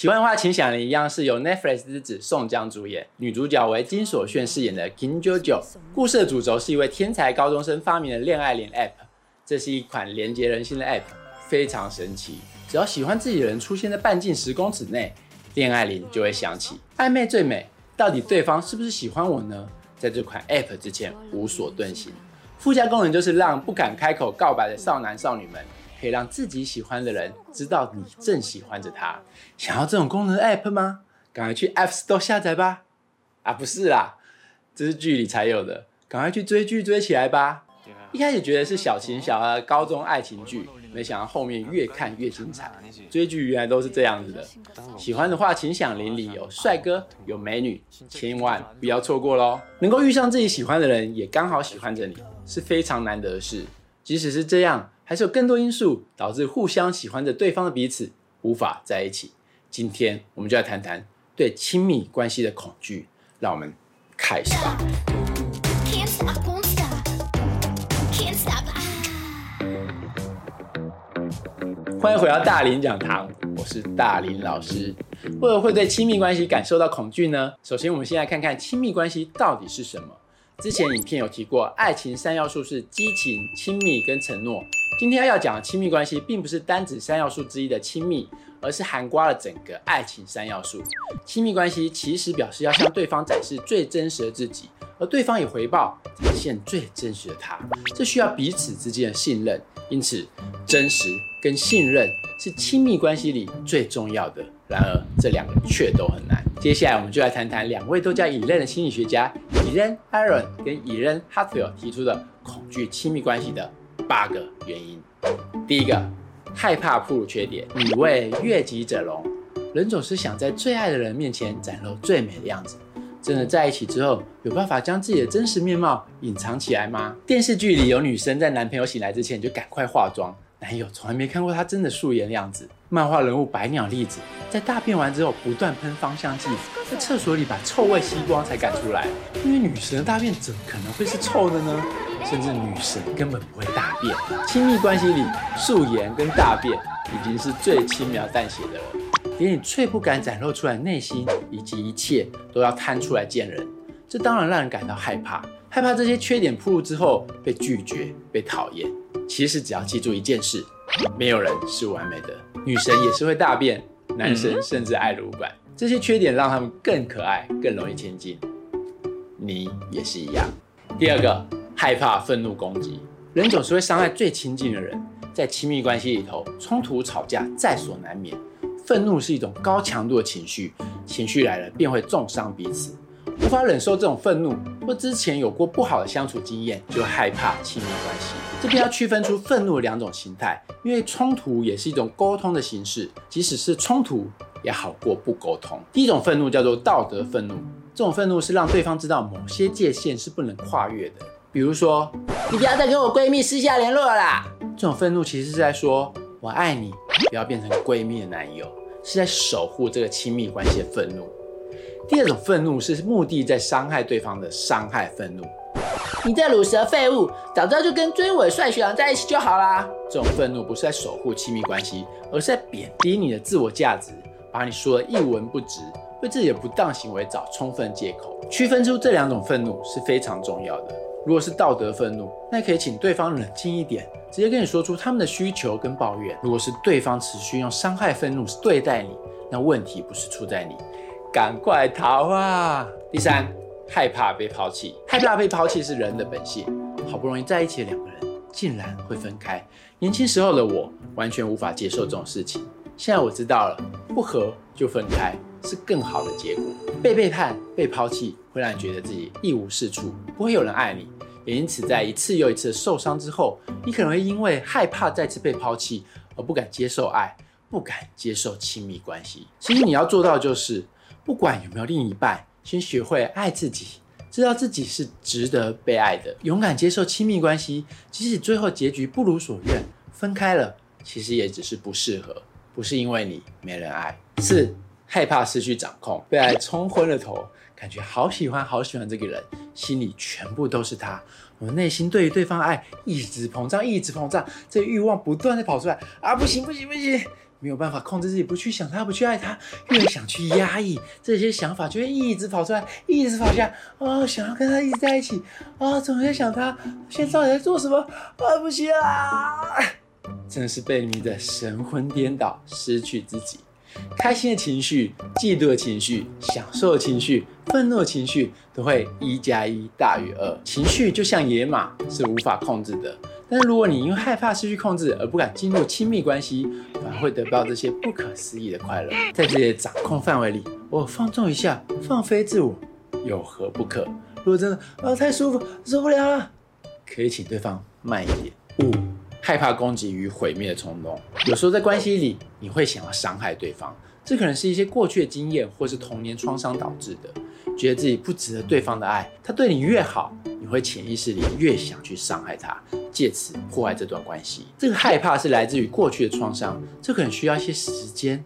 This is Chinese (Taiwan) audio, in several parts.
喜歡的話請響鈴一樣是由 Netflix 之子宋江主演，女主角為金所炫飾演的金朝晀。故事的主軸是一位天才高中生發明的戀愛鈴 App，這是一款連結人心的 App，非常神奇。只要喜歡自己的人出現在半徑十公尺內，戀愛鈴就會響起。曖昧最美，到底對方是不是喜歡我呢？在這款 App 之前無所遁形。附加功能就是讓不敢開口告白的少男少女們。可以讓自己喜歡的人知道你正喜歡着他。想要這種功能 App 嗎？趕快去 App Store 下載吧。啊，不是啦，這是劇裡才有的。趕快去追劇追起來吧,吧。一開始覺得是小情小愛的高中愛情劇，沒想到後面越看越精彩。追劇原來都是這樣子的。喜歡的話請響鈴，請響鈴裡，有帥哥有美女，千萬不要錯過嘍。能夠遇上自己喜歡的人，也剛好喜歡着你，是非常難得的事。即使是這樣。還是有更多因素，導致互相喜歡着對方的彼此無法在一起。今天我們就來談談對親密關係的恐懼。讓我們開始吧。歡迎回到大林講堂，我是大林老師。為何會對親密關係感受到恐懼呢？首先，我們先來看看親密關係到底是什麼。之前影片有提過，愛情三要素是激情、親密跟承諾。今天要講的親密關係，並不是單指三要素之一的親密，而是涵蓋了整個愛情三要素。親密關係其實表示要向對方展示最真實的自己，而對方以回報展現最真實的他。這需要彼此之間的信任，因此真實跟信任是親密關係裡最重要的。然而，這兩個卻都很難。接下來我們就來談談兩位都叫伊蓮的心理學家伊蓮艾融跟伊蓮哈特爾提出的恐懼親密關係的。八個原因，第一個，害怕暴露缺點。女為悅己者容。人總是想在最愛的人面前展露最美的樣子。真的在一起之後，有辦法將自己的真實面貌隱藏起來嗎？電視劇裡有女生在男朋友醒來之前就趕快化妝，男友從來沒看過她真的素顏的樣子。漫畫人物白鳥栗子在大便完之後不斷噴芳香劑，在廁所裡把臭味吸光才敢出來。因為女神的大便怎麼可能會是臭的呢？甚至女神根本不會大便。親密關係裡，素顏跟大便已經是最輕描淡寫的了，連你最不敢展露出來的內心以及一切都要攤出來見人，這當然讓人感到害怕，害怕這些缺點暴露之後被拒絕、被討厭。其實只要記住一件事，沒有人是完美的。女神也是會大便，男神甚至愛擼管，這些缺點讓他們更可愛，更容易親近。你也是一樣。第二個，害怕憤怒攻擊，人總是會傷害最親近的人，在親密關係裡頭，衝突吵架在所難免。憤怒是一種高強度的情緒，情緒來了便會重傷彼此，無法忍受這種憤怒。或之前有過不好的相處經驗，就害怕親密關係。這邊要區分出憤怒的兩種形態，因為衝突也是一種溝通的形式，即使是衝突也好過不溝通。第一種憤怒叫做道德憤怒，這種憤怒是讓對方知道某些界限是不能跨越的，比如說你不要再跟我閨蜜私下聯絡啦。這種憤怒其實是在說我愛你，不要變成閨蜜的男友，是在守護這個親密關係的憤怒。第二種憤怒是目的在傷害對方的傷害憤怒。你這魯蛇廢物，早知道就跟追尾帥學長在一起就好啦。這種憤怒不是在守護親密關係，而是在貶低你的自我價值，把你說得一文不值，為自己的不當行為找充分借口。區分出這兩種憤怒是非常重要的。如果是道德憤怒，那可以請對方冷靜一點，直接跟你說出他們的需求跟抱怨。如果是對方持續用傷害憤怒對待你，那問題不是出在你。趕快逃啊！第三，害怕被拋棄，害怕被拋棄是人的本性。好不容易在一起的兩個人，竟然會分開。年輕時候的我，完全無法接受這種事情。現在我知道了，不合就分開是更好的結果。被背叛、被拋棄，會讓你覺得自己一無是處，不會有人愛你。也因此，在一次又一次的受傷之後，你可能會因為害怕再次被拋棄而不敢接受愛，不敢接受親密關係。其實你要做到的就是。不管有沒有另一半，先學會愛自己，知道自己是值得被愛的，勇敢接受親密關係，即使最後結局不如所願，分開了，其實也只是不適合，不是因為你沒人愛。四，害怕失去掌控，被愛沖昏了頭，感覺好喜歡好喜歡這個人，心裡全部都是他，我內心對於對方愛一直膨脹，一直膨脹，這欲望不斷的跑出來啊，不行不行不行。不行沒有辦法控制自己不去想他，不去愛他，越想去壓抑這些想法，就會一直跑出來，一直跑出來、哦。想要跟他一直在一起，啊、哦，總在想他，現在到底在做什麼？啊，不行啊！真的是被迷得神魂顛倒，失去自己。開心的情緒、嫉妒的情緒、享受的情緒、憤怒的情緒，都會一加一大於二。情緒就像野馬，是無法控制的。但是如果你因為害怕失去控制而不敢進入親密關係，反而會得不到這些不可思議的快樂。在自己的掌控範圍裡，我，哦，放縱一下，放飛自我，有何不可？如果真的啊太舒服，受不了了，可以請對方慢一點。五，害怕攻擊與毀滅的衝動，有時候在關係裡，你會想要傷害對方。這可能是一些過去的經驗，或是童年創傷導致的，覺得自己不值得對方的愛。他對你越好，你會潛意識裡越想去傷害他，借此破壞這段關係。這個害怕是來自於過去的創傷，這可能需要一些時間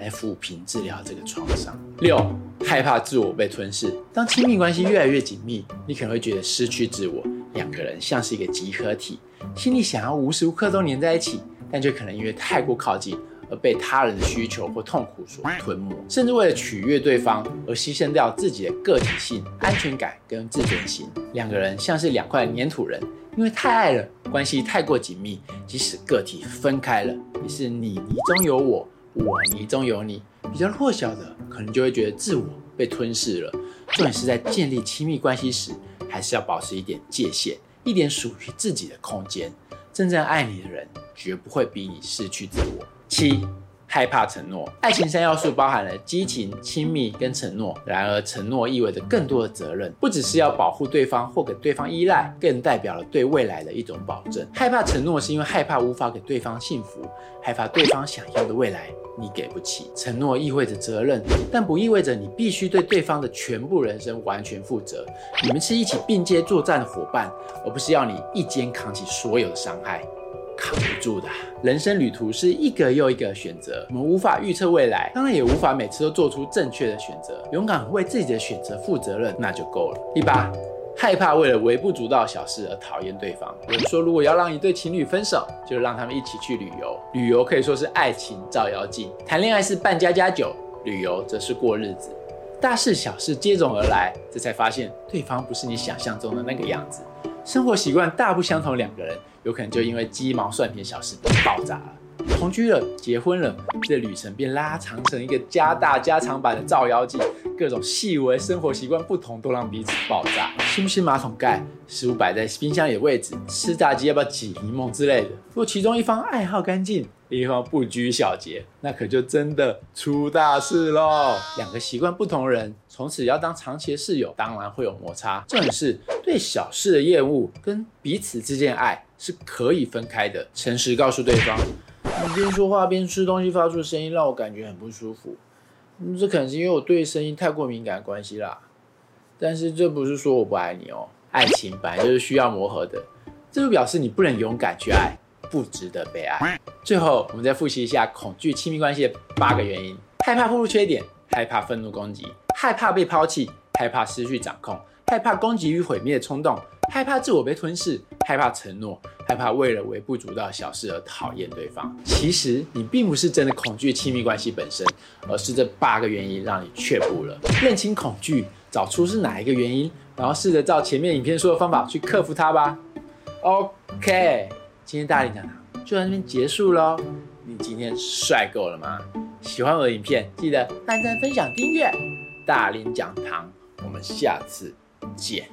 來撫平、治療這個創傷。六，害怕自我被吞噬。當親密關係越來越緊密，你可能會覺得失去自我，兩個人像是一個集合體，心裡想要無時無刻都黏在一起，但卻可能因為太過靠近。而被他人的需求或痛苦所吞沒，甚至為了取悅對方而犧牲掉自己的個體性、安全感跟自尊心。兩個人像是兩塊粘土人，因為太愛了，關係太過緊密，即使個體分開了，也是你泥中有我，我泥中有你。比較弱小的可能就會覺得自我被吞噬了。重點是在建立親密關係時，還是要保持一點界限，一點屬於自己的空間。真正愛你的人，絕不會逼你失去自我。七。害怕承諾，愛情三要素包含了激情、親密跟承諾。然而，承諾意味着更多的責任，不只是要保護對方或給對方依賴，更代表了對未來的一種保證。害怕承諾，是因為害怕無法給對方幸福，害怕對方想要的未來你給不起。承諾意味着責任，但不意味着你必須對對方的全部人生完全負責。你們是一起並肩作戰的伙伴，而不是要你一肩扛起所有的傷害。扛不住的。人生旅途是一個又一個選擇，我們無法預測未來，當然也無法每次都做出正確的選擇。勇敢為自己的選擇負責任，那就夠了。第八，害怕為了微不足道小事而討厭對方。有人說，如果要讓一對情侶分手，就讓他們一起去旅遊。旅遊可以說是愛情照妖鏡，談戀愛是扮家家酒，旅遊則是過日子。大事小事接踵而來，這才發現對方不是你想象中的那個樣子，生活習慣大不相同，兩個人。有可能就因為雞毛蒜皮小事都爆炸了。同居了，結婚了，這旅程便拉長成一個加大加長版的照妖鏡。各種細微生活習慣不同，都讓彼此爆炸。沖不沖馬桶蓋？食物擺在冰箱裡的位置？吃炸雞要不要擠檸檬之類的？如果其中一方愛好乾淨，另一方不拘小節，那可就真的出大事嘍。兩個習慣不同的人，從此要當長期的室友，當然會有摩擦。正是對小事的厭惡跟彼此之間的愛。是可以分開的。誠實告訴對方，你邊說話邊吃東西發出的聲音讓我感覺很不舒服。這可能是因為我對聲音太過敏感的關係啦。但是這不是說我不愛你哦，愛情本來就是需要磨合的。這就表示你不能勇敢去愛，不值得被愛。最後，我們再複習一下恐懼親密關係的八個原因：害怕暴露缺點，害怕憤怒攻擊，害怕被拋棄，害怕失去掌控，害怕攻擊與毀滅的衝動，害怕自我被吞噬。害怕承諾，害怕為了微不足道小事而討厭對方。其實你並不是真的恐懼親密關係本身，而是這八個原因讓你卻步了。認清恐懼，找出是哪一個原因，然後試着照前面影片說的方法去克服它吧。OK，今天大林講堂就在這邊結束嘍。你今天帥夠了嗎？喜歡我的影片，記得按讚、分享、訂閱。大林講堂，我們下次見。